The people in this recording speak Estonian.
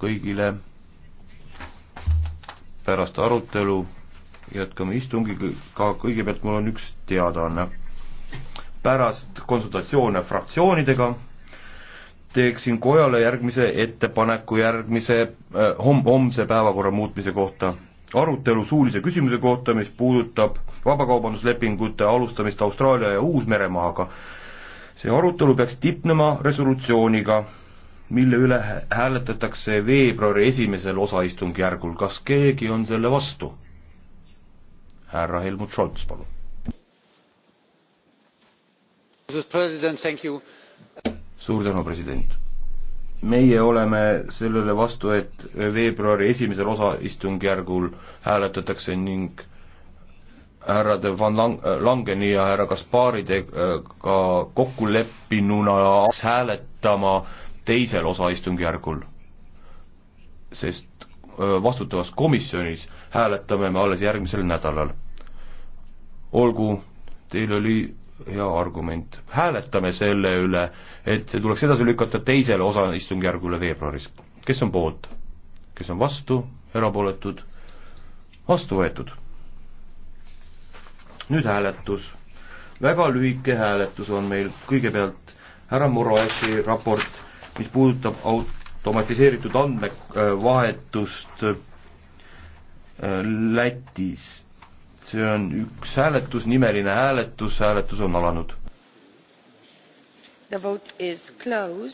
kõigile. pärast arutelu jätkame istungiga, kõigepealt mul on üks teadaanne. pärast konsultatsioone fraktsioonidega teeksin kojale järgmise ettepaneku järgmise äh, hom-, homse päevakorra muutmise kohta. arutelu suulise küsimuse kohta, mis puudutab vabakaubanduslepingute alustamist Austraalia ja Uus-Meremaaga. see arutelu peaks tipnema resolutsiooniga mille üle hääletatakse veebruari esimesel osaistungjärgul, kas keegi on selle vastu? härra Helmut Scholz, palun. suur tänu, president. meie oleme sellele vastu, et veebruari esimesel osaistungjärgul hääletatakse ning härrade Van Lang-, Langeni ja härra Kasparidega kokku leppinuna hääletama äh, teisel osaistungjärgul, sest vastutavas komisjonis hääletame me alles järgmisel nädalal. olgu, teil oli hea argument, hääletame selle üle, et see tuleks edasi lükata teisele osaistungjärgule veebruaris. kes on poolt, kes on vastu, erapooletud, vastu võetud. nüüd hääletus, väga lühike hääletus on meil kõigepealt härra Moroesi raport mis puudutab automatiseeritud andmevahetust äh, Lätis. see on üks hääletus, nimeline hääletus, hääletus on alanud.